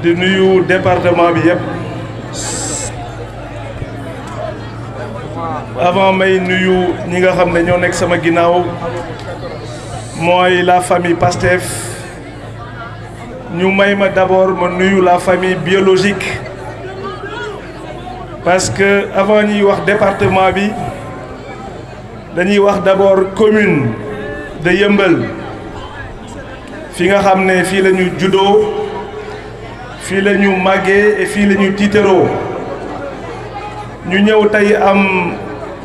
di nuyu département bi yëpp avant may nuyu ñi nga xam ne ñoo nekk sama ginnaaw mooy la famille Pastef ñu may ma d'abord ma nuyu la famille biologique parce que avant ñuy wax département bi dañuy wax d'abord commune de Yeumbeul fi nga xam ne fii la ñu fii la ñu màggee et fii la ñu tiitaroo ñu ñëw tey am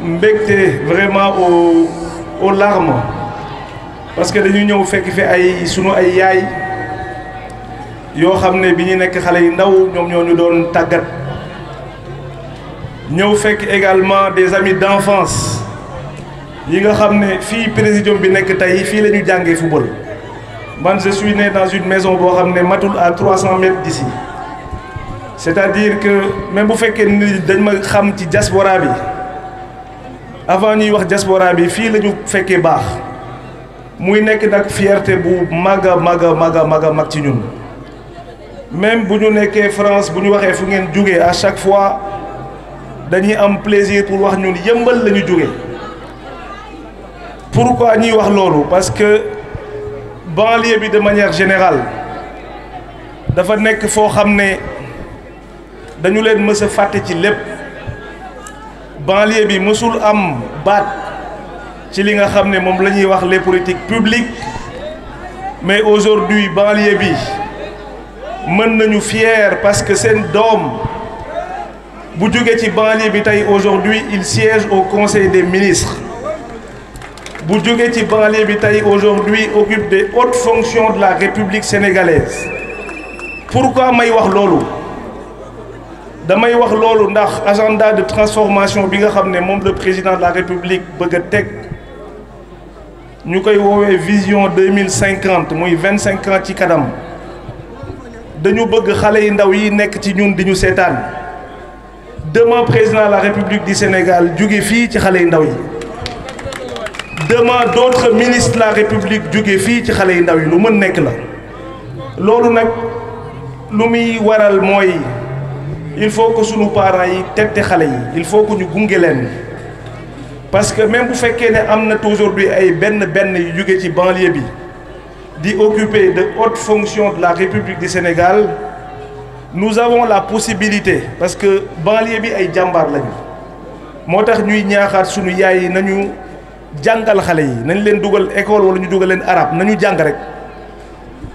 mbégte vraiment au aux larmes parce que dañu ñëw fekk fi ay sunu ay yaay yoo xam ne bi ñu nekk xale yu ndaw ñoom ñoo ñu doon tàggat ñëw fekk également des amis d'enfance yi nga xam ne fii présidium bi nekk tey fii la ñu jàngee football. man je suis né dans une maison boo xam ne matul à 300 mètres si c'est-à-dire que même bu fekkee ni dañ ma xam ci diaspora bi avant ñuy wax diaspora bi fii lañu fekkee baax muy nekk nag fierte bu mag a mag a mag a mag ci ñun même bu ñu nekkee France bu ñu waxee fu ngeen jógee à chaque fois dañuy am plaisir pour wax ñun yëmbal la ñu jógee pourquoi ñuy wax loolu parce banlieue bi de manière générale dafa nekk foo xam ne dañu leen mës a fàtte ci lépp banlieue bi mësul am baat ci li nga xam ne moom la ñuy wax les politiques publiques mais aujourd'hui banlieue bi mën nañu fier parce que seen doom bu jógee ci banlieue bi tey aujourd'hui il siège au conseil des ministres bu jógee ci banlieue bi tey aujourd'hui occupe des hautes fonctions de la République sénégalaise pourquoi may wax loolu damay wax loolu ndax agenda de transformation bi nga xam ne moom le président la République bëgg a teg ñu koy woowee vision deux mille cinquante muy vingt cinq ans ci kanam dañu bëgg xale yi ndaw yi nekk ci ñun diñu ñu seetaan demain président la République di Sénégal jóge fii ci xale yi ndaw yi. demande d'autres ministres de la république jóge fii ci xale yu ndaw yi lu mën nekk la loolu nag lu muy waral mooy il faut que sunu parents yi tette xale yi il faut que ñu gunge leen parce que même bu fekkee ne am na aujourd'hui ay benn benn yu jóge ci banlieue bi di occuper de hautes fonctions la République di Sénégal nous avons la possibilité parce que banlieue bi ay jàmbaar lañu moo tax ñuy ñaaxaat sunu yaay yi nañu. jàngal xale yi nañ leen dugal école wala ñu dugal leen arab nañu jàng rek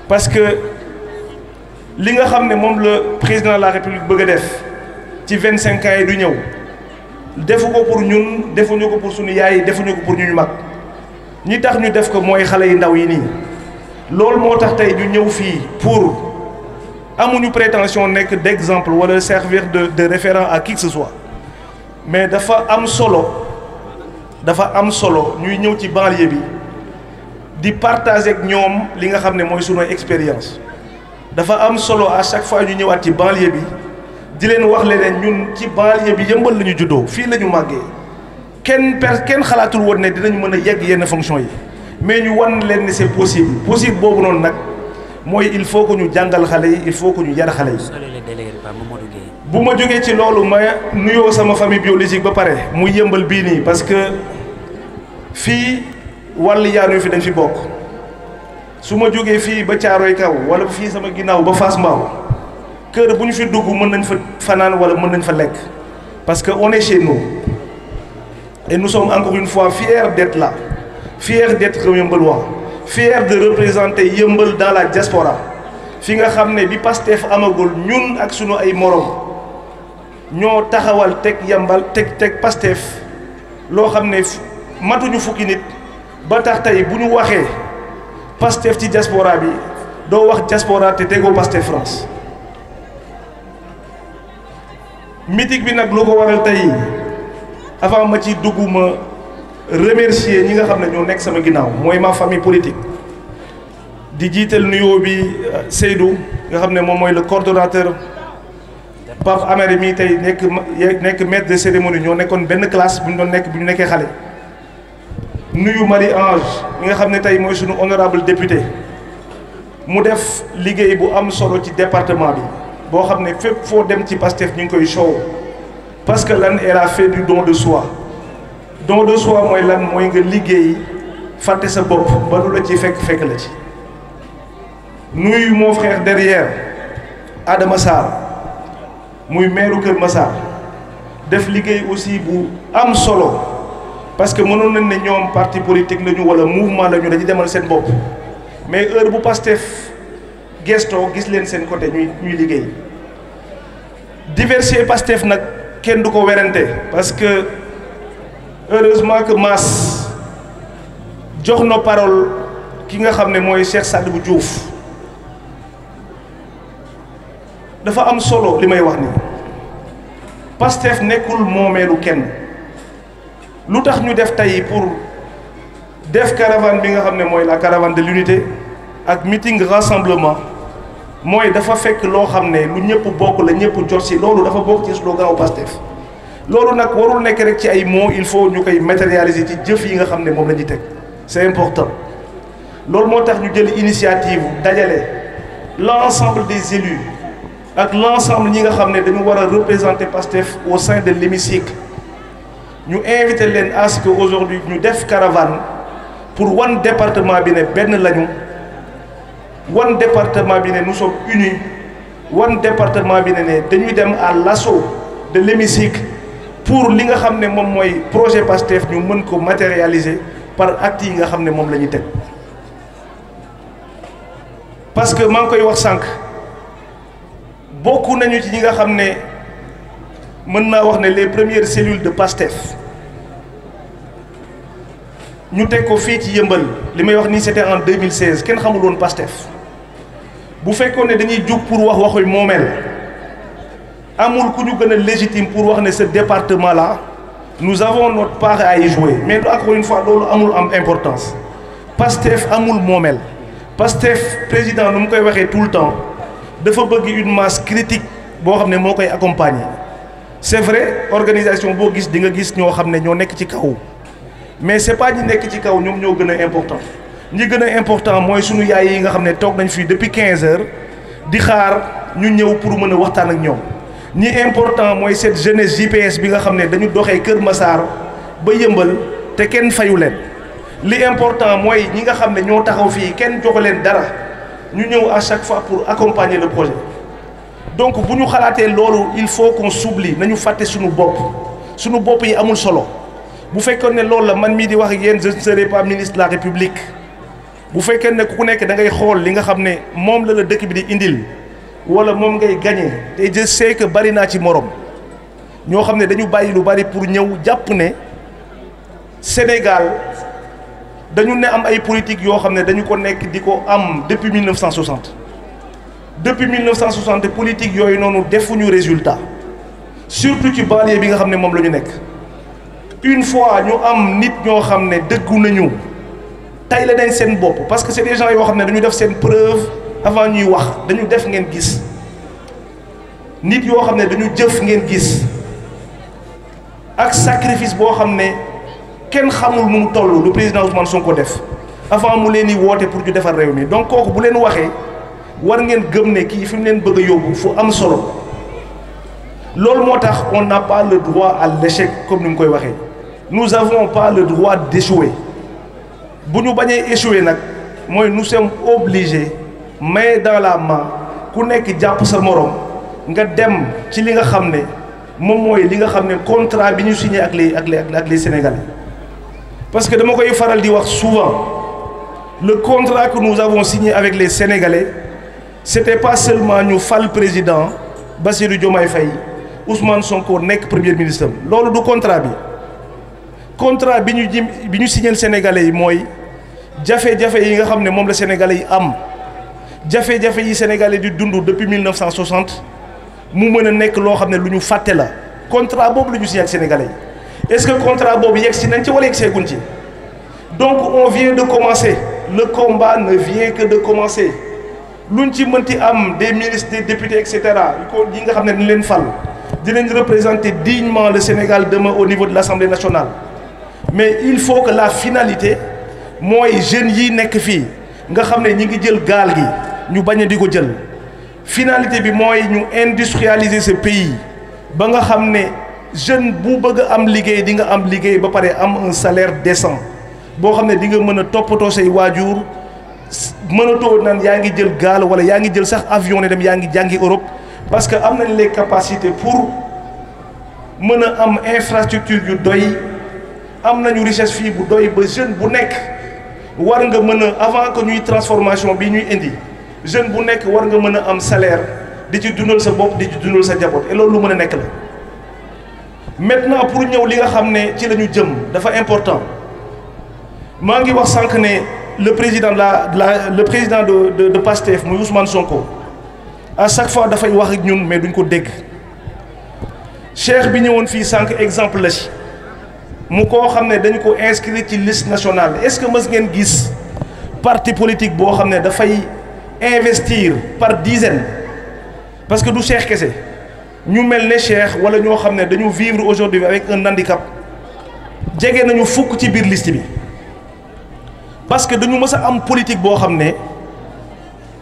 parce que li nga xam ne moom la président la république bëgg a def ci vingt cinq ans du ñëw defu ko pour ñun defuñu ko pour suñu yaay defuñu ko pour ñu ñu mag ñi tax ñu def ko mooy xale yi ndaw yi nii loolu moo tax tey ñu ñëw fii pour amuñu prétention nekk d'exemple wala servir de de référent ak qui soit mais dafa am solo dafa am solo ñuy ñëw ci banlieue bi di partage ak ñoom li nga xam ne mooy sunu expérience dafa am solo à chaque fois ñu ñëwaat ci banlieue bi di leen wax leneen ñun ci banlieue bi yëmbal la ñu juddoo fii la ñu màggee kenn per kenn xalaatul woon ne dinañ mën a yegg yenn fonction yi mais ñu wan leen ni c'est possible possible boobu noonu nag mooy il faut que ñu jàngal xale yi il faut que ñu yar xale yi. bu ma jógee ci loolu ma nuyoo sama famille biologique ba pare mu yëmbal bii nii parce que fii wàll yaanu fi dañ fi bokk su ma jógee fii ba caaroy kaw wala fii sama ginnaaw ba Fass Mbao kër bu ñu fi dugg mën nañ fa fanaan wala mën nañ fa lekk parce que on est chez nous et nous sommes encore une fois fiers d'être là fiers d'être Yeumbelois fiers de représenter Yeumbeul dans la diaspora fi nga xam ne bi Pastef amagul ñun ak suñu ay moroom ñoo taxawal teg yambal teg teg Pastef loo xam ne matuñu fukki nit ba tax tey bu ñu waxee Pastef ci jaspoora bi doo wax diaspora te tegoo Pastef France meeting bi nag lu ko waral tey avant ma ci dugg ma remercier ñi nga xam ne ñoo nekk sama ginnaaw mooy ma famille politique di jiital nuyoo bi euh, Seydou nga xam ne moom mooy le coordonnateur Pape Amary mii tey nekk nekk maître de cérémonie ñoo nekkoon benn classe bu ñu doon nekk bu ñu nekkee xale. nuyu Marie Ange mi nga xam ne tey mooy suñu honorable député mu def liggéey bu am solo ci département bi boo xam ne fépp foo dem ci Pastef ñu ngi koy show parce que lan elle fait du don de soi don de soi mooy lan mooy nga liggéey fàtte sa bopp ba lu la ci fekk fekk la ci nuyu mon frère derrière Adama Sarr muy meeru Kër Massar def liggéey aussi bu am solo parce que mënoon nañ ne ñoom parti politique lañu wala mouvement lañu dañu demal seen bopp mais heure bu Pastef gestoo gis leen seen côté ñuy ñuy liggéey diversité Pastef nag kenn du ko werante parce que heureusement que Mass jox na parole ki nga xam ne mooy Cheikh Sadibou juuf dafa am solo li may wax nii Pastef nekkul moomeelu kenn lu tax ñu def tey pour def caravane bi nga xam ne mooy la caravane de l'unité ak meeting rassemblement mooy dafa fekk loo xam ne lu ñëpp bokk la ñëpp jot si loolu dafa bokk ci slogan wu Pastef loolu nag warul nekk rek ci ay mots il faut ñu koy matérialiser ci jëf yi nga xam ne moom la ñuy teg c'est important loolu moo tax ñu jël initiative dajale la l'ensemble des élus ak l' ensemble ñi nga xam ne dañu war a représenter PASTEF au sein de l'hémicycle ñu invité leen à ce que aujourd'hui ñu def caravane pour wan département bi ne benn lañu wan département bi ne nous sommes unis wan département bi ne ne dañuy dem à l'assaut de l'hémicycle pour li nga xam ne moom mooy projet PASTEF ñu mën ko matérialiser par acte yi nga xam ne moom la ñuy teg parce que maa ngi koy wax sànq. bokk nañu ci ñi nga xam ne mën naa wax ne les premières cellules de PASTEF ñu teg ko fii ci yëmbal li may wax nii c'était en 2016 kenn xamul woon PASTEF bu fekkoon ne dañuy jug pour wax waxuy moomeel amul ku ñu gën a légitime pour wax ne ce département la nous avons notre part à y jouer mais encore une fois loolu amul am importance PASTEF amul moomeel PASTEF président nu mu koy waxee tout le temps. dafa bëgg une masse boo xam ne moo koy accompagner c'est vrai organisation boo gis di nga gis ñoo xam ne ñoo nekk ci kaw mais c'est pas ñi nekk ci kaw ñoom ñoo gën a important ñi gën a important mooy sunu yaay yi nga xam ne toog nañ fii depuis 15 heures di xaar ñu ñëw pour mën a waxtaan ak ñoom ñi important mooy cette jeunesse JPS bi nga xam ne dañu doxee Kër Massar ba yëmbal te kenn fayu leen li important mooy ñi nga xam ne ñoo taxaw fii kenn joxu leen dara. ñu ñëw à chaque fois pour accompagner le projet donc bu ñu xalaatee loolu il faut qu'on s'oublie nañu fàtte suñu bopp sunu bopp yi amul solo bu fekkoon ne loolu la man mii di wax ak yéen je ne serai pas ministre la république bu fekkee ne ku nekk da ngay xool li nga xam ne moom la la dëkk bi di indil wala moom ngay gagné te je sais bari naa ci moroom ñoo xam ne dañu bàyyi lu bari pour ñëw jàpp ne Sénégal. dañu ne am ay politique yoo xam ne dañu ko nekk di ko am depuis 1960 depuis mille 1960 politique yooyu noonu defuñu résultat surtout ci banlieue bi nga xam ne moom la ñu nekk une fois ñu am nit ñoo xam ne dëggu nañu tay la dañ seen bopp parce que c'est des gens yoo xam ne dañu def seen preuve avant ñuy wax dañu def ngeen gis nit yoo xam ne dañu jëf ngeen gis ak sacrifice boo xam ne. kenn xamul nu mu toll lu président sun ko def avant mu leen di woote pour ñu defar réew mi donc kooku bu leen waxee war ngeen gëm ne kii fi mu leen bëgg a yóbbu fu am solo loolu moo tax on n'a pas le droit à l'échec comme ni mu koy waxee nous avons pas le droit d'échouer bu ñu bañee échouer nag mooy nous sommes obligés main dans la main ku nekk jàpp sa morom nga dem ci li nga xam ne moom mooy li nga xam ne contrat bi ñu signé ak les ak les ak les sénégal parce que dama koy faral di wax souvent le contrat que nous avons signé avec les Sénégalais c'était pas seulement ñu fal président Bassirou Diomaye Faye Ousmane Sonko nekk premier ministre am loolu du contrat bi contrat bi ñu jim bi ñu signé Sénégalais yi mooy jafe-jafe yi nga xam ne moom la Sénégalais yi am jafe-jafe yi Sénégalais di dundu depuis 1960 mu mën a nekk loo xam ne lu ñu fàtte la contrat boobu la ñu signé est-ce que contra boobu yegg si nañ ci wala yegg seeguñ ci donc on vient de commencer le combat ne vient que de commencer luñ ci mënti am des ministres des députés et cetera ko yi nga xam ne dañ leen fal dinañ représenter dignement le Sénégal demain au niveau de l'Assemblée nationale mais il faut que la finalité mooy jeunes yi nekk fii nga xam ne ñi ngi jël gaal gi ñu bañ a di ko jël finalité bi mooy ñu industrialiser ce pays ba nga xam ne jeune bu bëgg a am liggéey di nga am liggéey ba pare am un salaire décent boo xam ne di nga mën a toppatoo say waajur mënatoo nan yaa ngi jël gaal wala yaa ngi jël sax avion ne dem yaa ngi jàngi Europe parce que am nañ les capacités pour mën a am infrastructure yu doy am nañu richesse fii bu doy ba jeune bu nekk war nga mën a avant que ñuy transformation bi ñuy indi jeune bu nekk war nga mën a am salaire di ci dundal sa bopp di ci dundal sa njaboot et loolu lu mën a nekk la. maintenant pour ñëw li nga xam ne ci la ñu jëm dafa important maa ngi wax sànq ne le président la la le président de de de PASTEF muy Ousmane Sonko à chaque fois dafay wax ak ñun mais duñ ko dégg cheikh bi ñëwoon fii sànq exemple la ci mu koo xam ne dañu ko inscrit ci liste nationale est-ce que mës ngeen gis parti politique boo xam ne dafay investir par dizaine parce que du cheikh kese. ñu mel ne Cheikh wala ñoo xam ne dañu vivre aujourd'hui avec un handicap jege nañu fukk ci biir list bi parce que dañu mës a am politique boo xam ne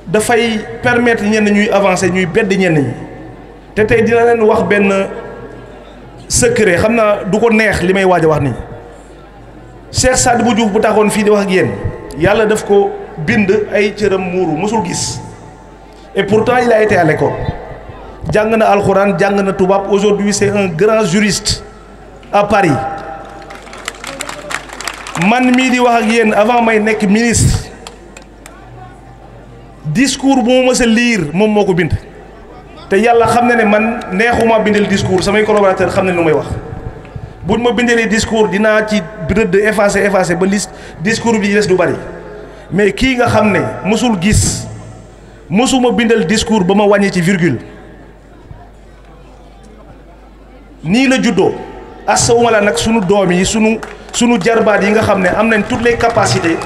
dafay permettre ñenn ñuy avancé ñuy bedd ñenn ñi te tey dina leen wax benn secret xam naa du ko neex li may waaj wax nii Cheikh Sadibou Diouf bu taxoon fii di wax ak yéen yàlla daf ko bind ay cëram muuru mësul gis et pourtant il a été à jàng na alxuraan jàng na tubaab aujourd'hui c'est un grand juriste à Paris man mii di wax ak yéen avant may nekk ministre discours bu ma mës liir moom moo ko bind te yàlla xam na ne man neexuma bindal discours samay collaborateur xam ne lu may wax buñ ma bindalee discours dinaa ci rëdd effacé effacé ba liste discours bi des du bari mais kii nga xam ne mësul gis mësuma bindal discours ba ma wàññi ci virgule nii la juddoo asawuma la nag sunu doom yi sunu sunu jarbaat yi nga xam ne am nañ toutes les capacités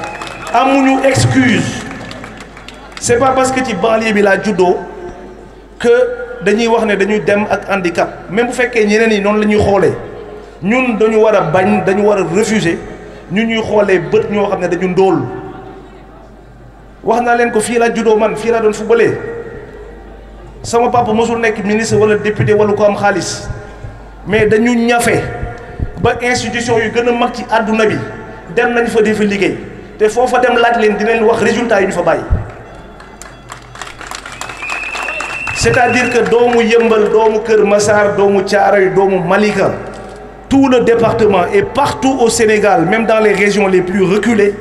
amuñu excuse c'est pas parce que ci banlieue bi laa juddoo que dañuy wax ne dañuy dem ak handicap même bu fekkee ñeneen yi noonu la ñuy xoolee ñun dañu war a bañ dañu war a refuser ñu ñuy xoolee bët ñoo xam ne dañu ndóol wax naa leen ko fii laa juddoo man fii laa doon bële sama papa mosul nekk ministre wala député wala ko am xaalis. mais dañu ñafe ba institution yu gën a mag ci àdduna bi dem nañ fa di fa liggéey te foo fa dem laaj leen di leen wax résultat yi ñu fa bàyyi c'est-à-dire que doomu Yëmbal doomu Kër Massar doomu Thiaroye doomu Malika tout le département et partout au Sénégal même dans les régions les plus reculées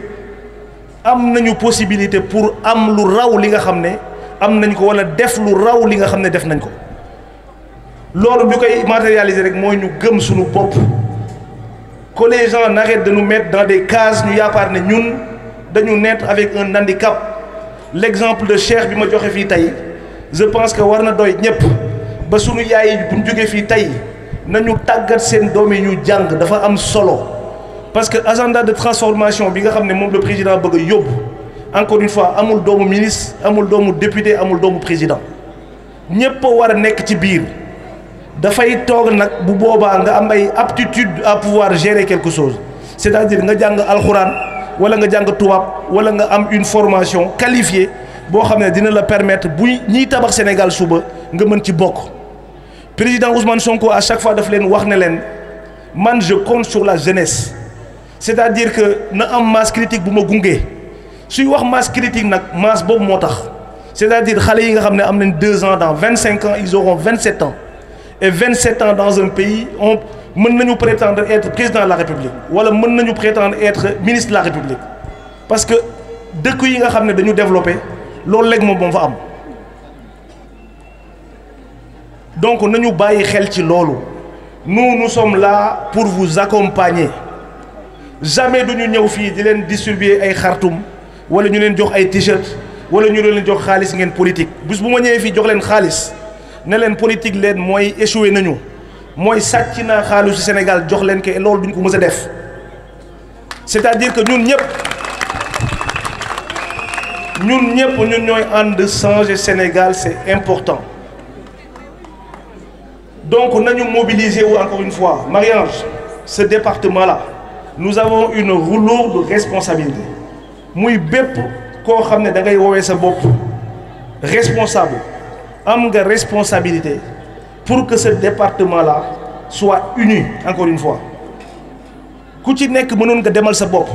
am nañu possibilité pour am lu raw li nga xam ne am nañ ko walla def lu raw li nga xam ne def nañ ko loolu bi koy matérialiser rek mooy ñu gëm suñu bopp que les gens n'arrêtent de nous mettre dans des cases ñu yaakaar ne ñun dañu naître avec un handicap l'exemple de Cheikh bi ma joxe fii tey je pense que war na doy ñëpp ba suñu yaay bu ñu jógee fii tey nañu tàggat seen doom yi ñu jàng dafa am solo parce que agenda de transformation bi nga xam ne moom la président bëgg a yóbbu encore une fois amul doomu ministre amul doomu député amul doomu président ñëpp a war a nekk ci biir. dafay toog nag bu boobaa nga am ay aptitude à pouvoir gérer quelque chose c'est-à-dire nga jàng alxuraan wala nga jàng tubaab wala nga am une formation qualifiée boo xam ne dina la permettre bu ñiy tabax Sénégal suba nga mën ci bokk président Ousmane Sonko à chaque fois daf leen wax ne leen man je compte sur la jeunesse c'est-à-dire que na am masse critique bu ma gungee suy wax masse critique nag masse boobu moo tax c'est-à-dire xale yi nga xam ne am nañ deux ans vingt cinq ans ils auront vingt sept et 27 ans dans un pays on mën nañu prétendre être président de la république wala mën nañu prétendre être ministre de la république parce que dëkk yi nga xam ne dañu développé loolu léegi moom moom fa am donc nañu bàyyi xel ci loolu nous nous sommes là pour vous accompagner jamais duñu ñëw fii di leen distribuer ay xartum wala ñu leen jox ay t-shirt wala ñu leen jox xaalis ngeen politique bés bu ma ñëwee fii jox leen xaalis ne leen politique leen mooy échoué nañu mooy sàcc naa xaalis ci Sénégal jox leen ke loolu duñ ko mës a def c'est-à-dire que ñun ñëpp ñun ñëpp ñun ñooy ànd changer Sénégal c'est important donc nañu mobiliser wu encore une fois mariage ce département la nous avons une lourde responsabilité muy bépp koo xam ne da ngay woowee sa bokk responsable am nga responsabilité pour que ce département la soit uni encore une fois ku ci nekk mënoon nga demal sa bopp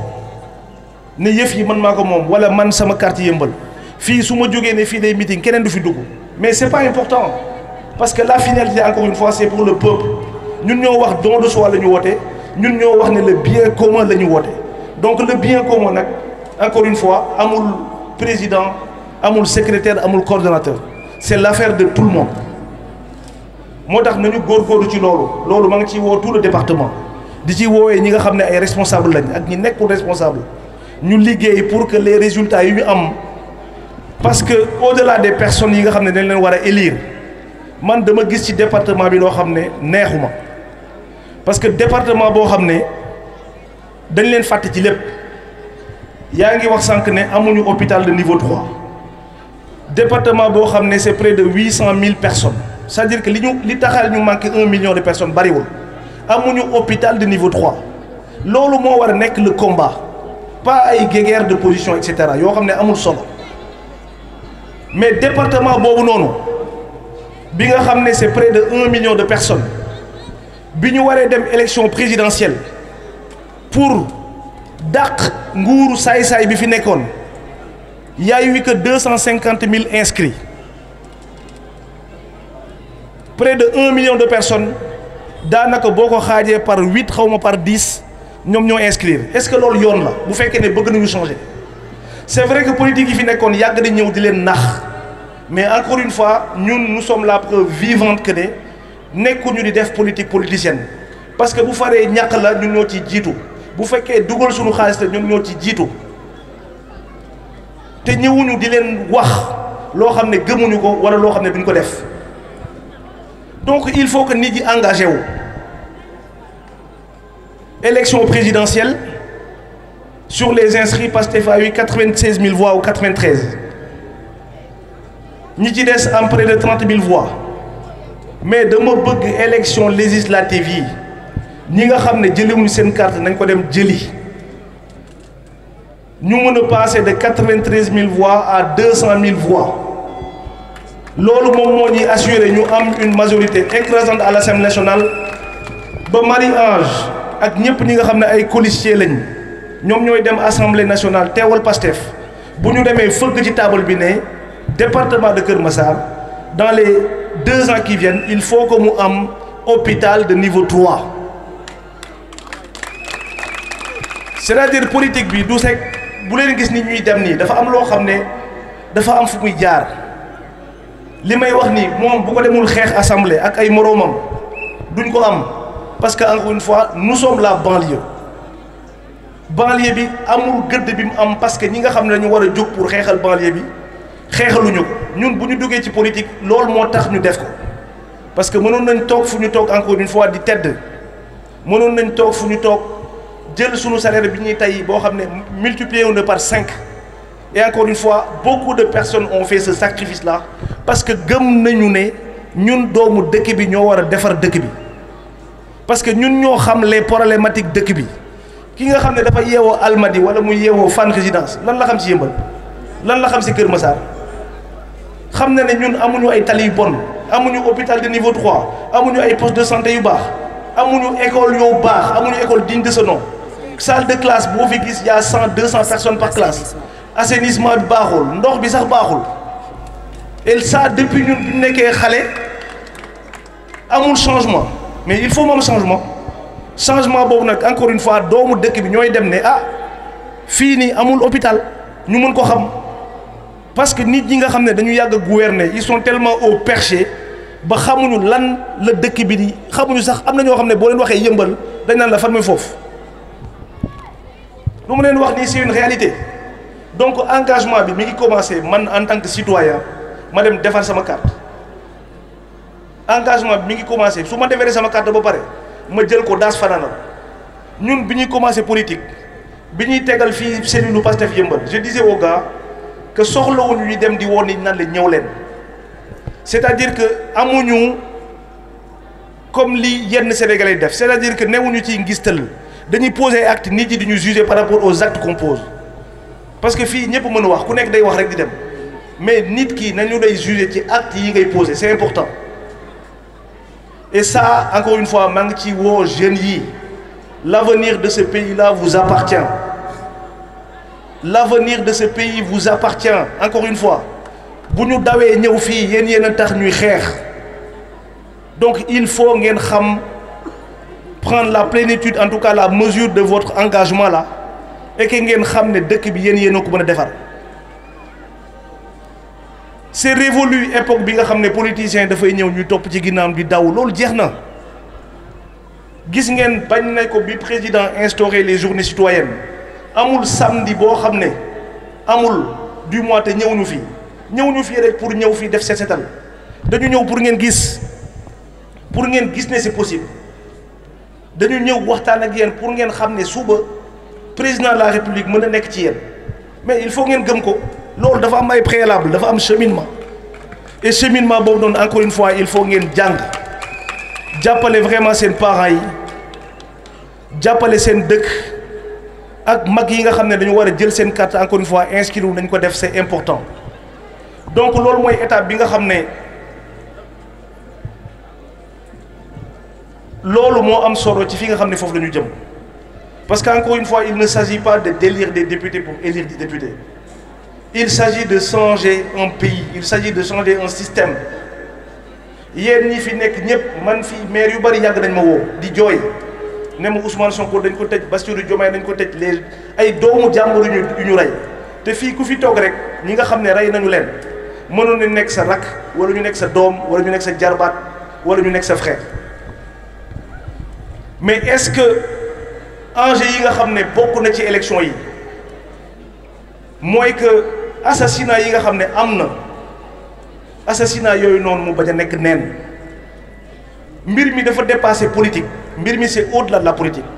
ne yëf yi man maa ko moom wala man sama quartier yëmbal fii su ma jógee ne fii day meeting keneen du fi dugg mais c'est pas important parce que la finalité encore une c'est pour le peuple ñun ñoo wax don de soi la ñu woote ñun ñoo wax ne le bien commun la ñu woote donc le bien commun nag encore une fois amul président amul secrétaire amul coordonnateur c'est l'affaire de tout le monde moo tax nañu góor góorgóorlu ci loolu loolu ma ngi ciy woo tout le département di ci woowee ñi nga xam ne ay responsable lañ ak ñi nekkul responsable ñu liggéey pour que les résultat yu ñu am parce que au-delà des personnes yi nga xam ne dañu leen war élire man dama gis ci département bi loo xam ne neexuma parce que département boo xam ne dañ leen fàtte ci lépp yaa ngi wax sànq ne amuñu hôpital de niveau 3 département boo xam ne c'est près de huit cent mille personnes c'est-à-dire que li ñu li taxal ñu manqué un million de personnes bariwul amuñu hôpital de niveau trois loolu moo war a nekk le combat pas ay guerre de position et cetera yoo xam ne amul solo mais département boobu noonu bi nga xam ne c'est près de un million de personnes bi ñu waree dem élection présidentielle pour dàq nguur saay-saay bi fi nekkoon. yaayu y a eu cent cinquante mille inscrits près de un million de personne daanaka boo ko xaajee par huit xaw ma par dix ñoom ñoo inscrire est-ce que loolu yoon la bu fekkee ne bëgg nañu changer c'est vrai que politique yi fi nekkoon yàgg di ñëw di leen nax mais encore une fois ñun nous sommes la preuve vivante que ne ñu di def politique politicienne parce que bu faree ñàkk la ñun ñoo ci jiitu bu fekkee dugal suñu xaalis la ñun ñoo ci jiitu. te ñëwuñu di leen wax loo xam ne gëmuñu ko walla loo xam ne duñ ko def donc il faut que nit yi engagé wu élection présidentielle sur les inscrits Pastef a eu 96 000 voix ou 93 ci des am près de 30 000 voix mais dama bëgg élection législative yi ñi nga xam ne jëliwuñu seen carte nañ ko dem jëli ñu mën a passer de quatre-vingt-treize mille voix à deux cent mille voix loolu moom moo ñuy assurer ñu am une majorité écrasante à l'Assemblée nationale ba Marie-Ange ak ñëpp ñi nga xam ne ay colistiers lañ ñoom ñooy dem assemblée nationale teewal Pastef bu ñu demee fëgg ci table bi ne département de Kër Massar dans les deux ans qui viennent il faut que mu am hôpital de niveau trois c'est-à-dire politique bi du sec. bu leen gis ni ñuy dem nii dafa am loo xam ne dafa am fu muy jaar li may wax ni moom bu ko demul xeex assemblée ak ay moroomam duñ ko am parce que encore une fois nous sommes la banlieue bi amul gëdd bi mu am parce que ñi nga xam ne dañu war a jóg pour xeexal banlieue bi xeexaluñu ko ñun bu ñu duggee ci politique loolu moo tax ñu def ko parce que mënoon nañ toog fu ñu toog encore une di tedd mënoon nañ toog fu ñu toog. jël sunu salaire bi ñuy tey boo xam ne multiplié wu na par cinq et encore une fois beaucoup de personne ont fait ce sacrifice là parce que gëm nañu ne ñun doomu dëkk bi ñoo war a defar dëkk bi parce que ñun ñoo xam les problématiques dëkk bi ki nga xam ne dafa yeewoo Almadi wala mu yeewoo fan Résidence lan la xam si Yëmbal lan la xam si Kër Massar xam na ne ñun amuñu ay tali yu bon amuñu hôpital de niveau 3 amuñu ay poste de santé yu baax amuñu école yoo baax amuñu école digne de ce salle de classe boo fi gis y a cent deux cent personnes par classe assainissement bi baaxul ndox bi sax baaxul et ça depuis ñun bu nekkee xale amul changement mais il faut moom changement changement boobu nag encore une fois doomu dëkk bi ñooy dem ne ah fii nii amul hôpital ñu mën ko xam parce que nit ñi nga xam ne dañu yàgg a gouverner ils sont tellement au perché ba xamuñu lan la dëkk bi di xamuñu sax am na ñoo xam ne boo leen waxee yëmbal dañ naan la fan mooy foofu. lu ma leen wax nii c'est une réalité donc engagement bi mi ngi commencé man en tant que citoyen ma dem defar sama carte engagement bi mi ngi commencé su ma defaree sama carte ba pare ma jël ko daas fanaanal ñun bi ñuy commencé politique bi ñuy tegal fii cellule Pastef yëmbal je disais aux gars que soxlawuñu ñu dem di woon ni nan la ñëw leen c'est-à-dire que amuñu comme li yenn sénégalais def c'est-à-dire que newuñu ci ngistal dañuy poser acte nit yi di ñu juger par rapport aux actes qu'on parce que fii ñëpp mën a wax ku nekk day wax rek di dem mais nit ki nañu lay juger ci acte yi ngay poser c'est important et ça encore une fois maa ngi ci woo jeunes yi l'avenir de ce pays là vous appartient l'avenir de ce pays vous appartient encore une fois bu ñu dawee ñëw fii yéen yéen a tax ñuy xeex donc il faut ngeen xam. prendre la plénitude en tout cas la mesure de votre engagement la et ngeen xam ne dëkk bi yéen yéen ko mën a defar c'est révolu époque bi nga xam ne politiciens dafay ñëw ñu topp ci ginnaam di daw loolu jeex na gis ngeen bañ ne ko bi président instauré les journées citoyennes amul samedi boo xam ne amul du mois te ñëw ñu fii ñëw ñu fii rek pour ñëw fii def set setal dañu ñëw pour ngeen gis pour ngeen gis ne si possible dañu ñëw waxtaan ak yéen pour ngeen xam ne suba président de la république mën a nekk ci yéen mais il faut ngeen gëm ko loolu dafa am ay préalable dafa am cheminement et cheminement boobu noonu encore une fois il faut ngeen jàng jàppale vraiment seen parents yi jàppale seen dëkk ak mag yi nga xam ne dañu war a jël seen carte encore une fois inscrire dañ ko def c'est important donc loolu mooy étape bi nga xam ne. loolu moo am solo ci fi nga xam ne foofu la jëm parce que encore une fois il ne s'agit pas de d'élire des députés pour élire des députés il s'agit de changer un pays il s'agit de changer un système yéen ñi fi nekk ñëpp man fi maire yu bari yàgg nañ ma woo di jooy ne ma Ousmane Sonko dañ ko tëj Bassirou Diomaye dañ ko tëj les ay doomu jàmbur yu ñu ñu rey te fii ku fi toog rek ñi nga xam ne rey nañu leen mënoon na nekk sa rakk wala ñu nekk sa doom wala ñu nekk sa jarbaat wala ñu nekk sa frère. mais est-ce que enjeu yi nga xam ne bokk na ci élection yi mooy que assassinat yi nga xam ne am na assassinat yooyu noonu mu bañ a nekk neen mbir mi dafa dépasser politique mbir mi c'est au-delà de la politique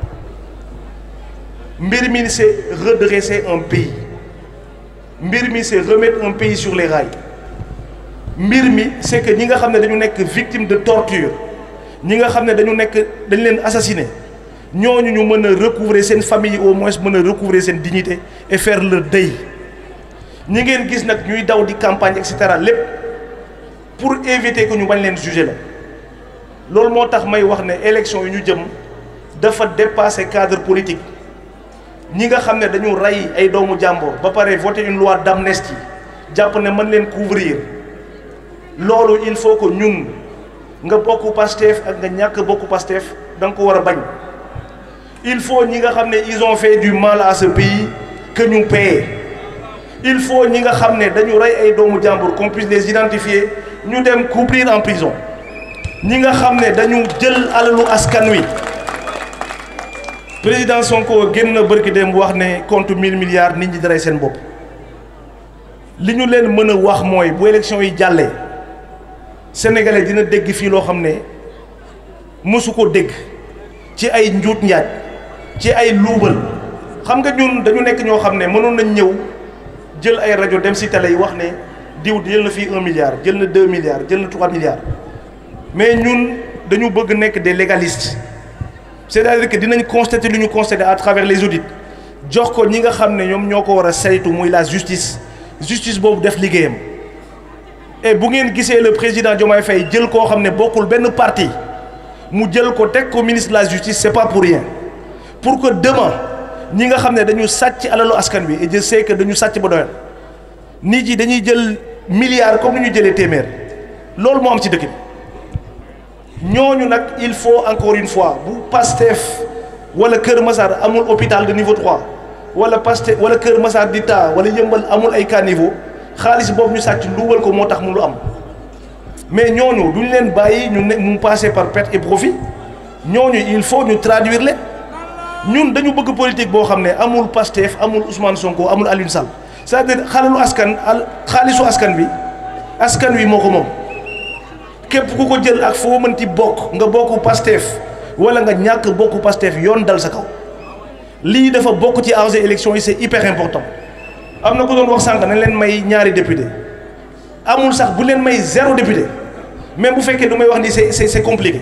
mbir mi c'est redresser un pays mbir mi c'est remettre un pays sur les rails mbir mi c'est que ñi nga xam ne dañu nekk victime de torture ñi nga xam ne dañu nekk dañ leen assassiné ñooñu ñu mën a recouvrer seen famille au moins mën a recouvrer seen dignité et faire le deuil ñi ngeen gis nag ñuy daw di campagne et cetera lépp pour éviter ku ñu bañ leen juger la loolu moo tax may wax ne élection yi ñu jëm dafa dépasser cadre politique ñi nga xam ne dañu rey ay doomu jàmbur ba pare voter une loi d'amnistie jàpp ne mën leen couvrir loolu il faut que ñun nga bokk Pastef ak nga ñàkk bokk Pastef da ko war a bañ il faut ñi nga xam ne ils ont fait du mal à ce pays que ñu il faut ñi nga xam ne dañu rey ay doomu jàmbur qu'on puisse les identifier ñu dem couvrir en prison ñi nga xam ne dañu jël alalu askan wi président Sonko génn na bërki dem wax ne compte mille milliards nit ñi daray seen bopp li ñu leen mën a wax mooy bu élection yi jàlle sénégalais dina dégg fii loo xam ne mosu ko dégg ci ay njuut njaaj ci ay luubal xam nga ñun dañu nekk ñoo xam ne mënoon nañ ñëw jël ay rajo dem si télé yi wax ne diw jël na fii un milliard jël na deux milliards jël na trois milliards mais ñun dañu bëgg nekk de légaliste c'est-à-dire que dinañ constater lu ñu constater à travers les audits jox ko ñi nga xam ne ñoom ñoo ko war a saytu muy la justice justice boobu def liggéeyam et bu ngeen gisee le président Diomaye Faye jël koo xam ne bokkul benn parti mu jël ko teg ko ministre de la justice c'est pas pour rien pour que demain ñi nga xam ne dañu sàcc alalu askan bi et je sais dañu sàcc ba doyal nit yi dañuy jël milliards comme ni ñu jëlee téeméer loolu moo am ci dëkk bi ñooñu nag il faut encore une fois bu Pastef wala Kër Massar amul hôpital de niveau 3 wala Pastef wala Kër Massar di taa wala yëmbal amul ay cas xaalis boobu ñu sàcc luubal ko moo tax mu lu am mais ñooñu duñ leen bàyyi ñu ne mu passé par perte et profit ñooñu il faut ñu traduire leen ñun dañu bëgg politique boo xam ne amul Pastef amul Ousmane Sonko amul Aliou Sall cest dire xalalu askan al xaalisu askan wi askan wi moo ko moom képp ku ko jël ak foo mënti bokk nga bokk Pastef wala nga ñàkk bokk Pastef yoon dal sa kaw lii dafa bokk ci enjeu élection yi c'est hyper important am na ko doon wax sànq nañ leen may ñaari député amul sax bu leen may zéro député même bu fekkee du may wax ni c'est c'est compliqué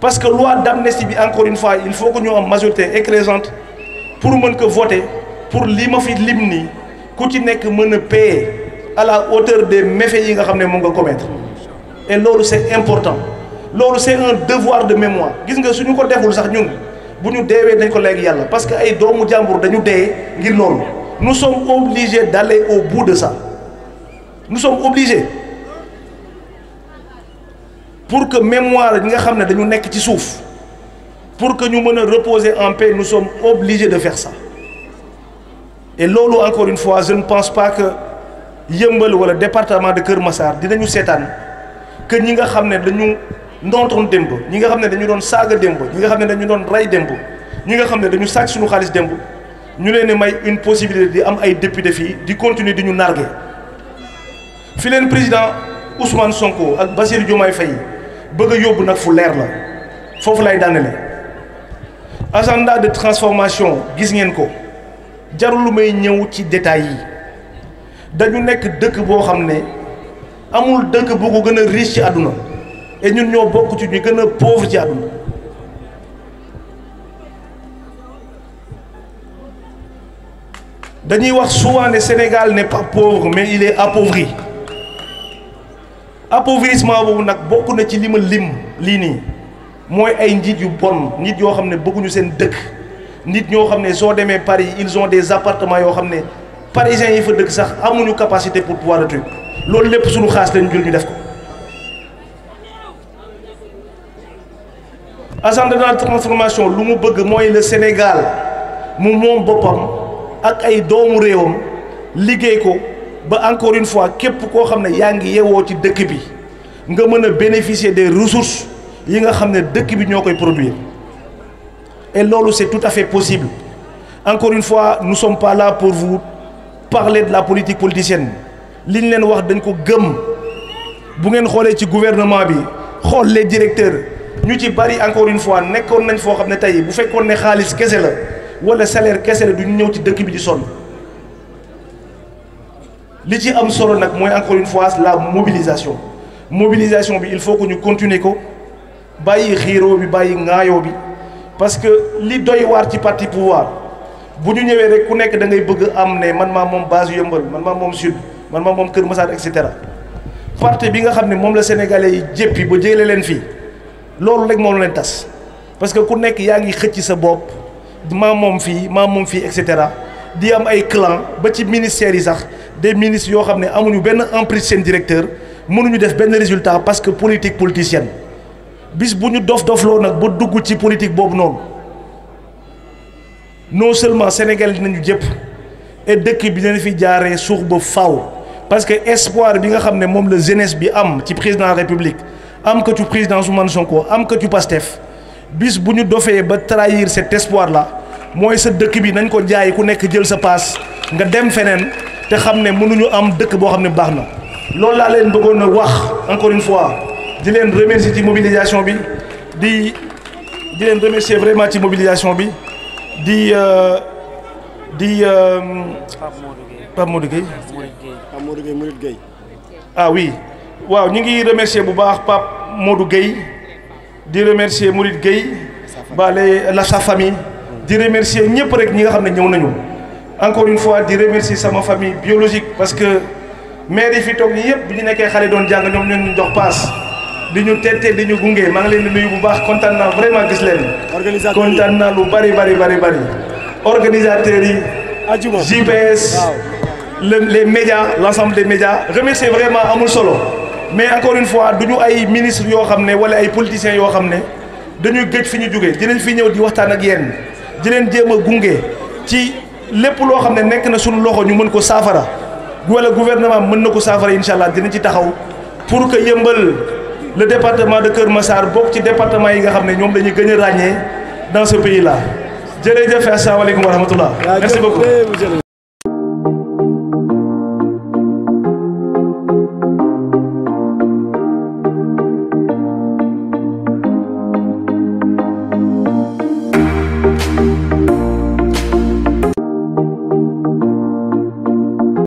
parce que loi d'amnistie bi encore une fois il faut que ñu am majorité écrasante pour mën ko voter pour lii ma fi lim nii ku ci nekk mën a payer à la hauteur yi nga xam ne moom nga commettre et loolu c'est important loolu c'est un devoir de mémoire gis nga su ñu ko deful sax ñun bu ñu deewee dañ ko léegi yàlla parce que ay doomu jàmbur dañu dee ngir loolu Nous sommes obligés d'aller au bout de ça. Nous sommes obligés. Pour que mémoire, pour que ñu mën a reposer en paix, nous sommes obligés de faire ça. Et loolu encore une fois, jeune ne pense pas que Yembel ou département de kër dinañu seetaan Kermassar, nous sommes que nous sommes ndontoon démb ñi nga xam ne dañu doon saaga démb ñi nga xam ne dañu doon rey démb ñi nga xam ne dañu sàcc suñu xaalis démb ñu leen di may une possibilité di am ay député fii di continuer di ñu narguer fi leen président Ousmane Sonko ak Bassirou Diomaye Faye bëgg a yóbbu nag fu leer la foofu lay daanele agenda de transformation gis ngeen ko jarul lu may ñëw ci détails yi dañu nekk dëkk boo xam ne amul dëkk bu ko gën a riche ci àdduna et ñun ñoo bokk ci ñu gën a pauvre ci àdduna dañuy wax souvent Sénégal n'est pas pauvre mais il est appauvri appauvrissement boobu nag bokk na ci li ma lim lii nii mooy ay njiit yu bon nit yoo xam ne bëgguñu seen dëkk nit ñoo xam ne soo demee Paris ils ont des appartements yoo xam ne parisiens yi fa dëkk sax amuñu capacité pour pouvoir de loolu lépp suñu xaas lañu jël ñu def ko agent de la transformation lu mu bëgg mooy le Sénégal mu moom boppam ak ay doomu réewam liggéey ko ba encore fois képp koo xam ne yaa ngi yewoo ci dëkk bi nga mën a bénéficier des ressources yi nga xam ne dëkk bi ñoo koy produire et loolu c'est tout à fait possible encore fois nous sommes pour vous parler de la politique politicienne li ñu leen wax dañ ko gëm bu ngeen xoolee ci gouvernement bi xool les directeurs ñu ci bari encore une fois nekkoon nañ foo xam ne tey bu fekkoon ne xaalis kese la. wala salaire kese la du ñu ñëw ci dëkk bi di sol li ci am solo nag mooy encore une la mobilisation mobilisation bi il faut que ñu continuer ko bàyyi xiiro bi bàyyi ŋaayoo bi parce que li doy waar ci parti pouvoir bu ñu ñëwee rek ku nekk da ngay bëgg am ne man maa moom base yëmbal man maa moom sud man maa moom Kër Massar et cetera parti bi nga xam ne moom la sénégalais yi jéppi ba jëlee leen fii loolu rek moom leen tas parce que ku nekk yaa ngi xëcc sa bopp. maa moom fii maa moom fii et cetera di am ay clan ba ci ministères yi sax des ministres yoo xam ne amuñu benn emprise seen directeur mënuñu def benn résultat parce que politique politicienne bis bu ñu dof dofloo nag ba dugg ci politique boobu noonu non seulement Sénégal dinañu jëpp et dëkk bi dina fi jaaree suux ba faaw parce que espoir bi nga xam ne moom la jeunesse bi am ci président de la république am ko ci président Ousmane Sonko am ko ci Pastef bis bu ñu dofee ba trahir cet espoir là mooy sa dëkk bi nañ ko jaay ku nekk jël sa paas nga dem feneen te xam ne mënuñu am dëkk boo xam ne baax na loolu laa leen bëggoon na wax encore une fois di leen remercier ci mobilisation bi di di leen remercier vraiment ci mobilisation bi di euh, di euh, Pape Modou Gueye Pape Modou Gueye Mourid ah waaw ñu ngi remercier bu baax Pape Modou Gueye di remercier Mourid Gueye bale la sa famille di remercier ñëpp rek ñi nga xam ne ñëw nañu encore in fois di remercier sama famille biologique parce que maire yi fi toog ñi yëpp bi ñu nekkee xale doon jàng ñoom ñoo ñu jox paas di ñu tette di ñu gunge maa ngi leen di nuyu bu baax kontaan naa vraiment leen. organisateur kontaan naa lu bari bari bari bari. organisateurs yi. ajuma GPS. les médias l' ensemble des médias. remercier vraiment amul solo mais encore une fois du ñu ay ministres yoo xam ne wala ay politiciens yoo xam ne dañuy gëj fi ñu jógee dinañ fi ñëw di waxtaan ak yéen. di leen jéem gunge ci lépp loo xam ne nekk na suñu loxo ñu mën ko saafara wala gouvernement mën na ko saafara incha allah dinañ ci taxaw pour que yëmbal le département de Kër masaar bokk ci département yi nga xam ne ñoom dañuy gën a ràññee dans ce pays là jërëjëf asalaamaaleykum wa rahmatullah merci beaucoup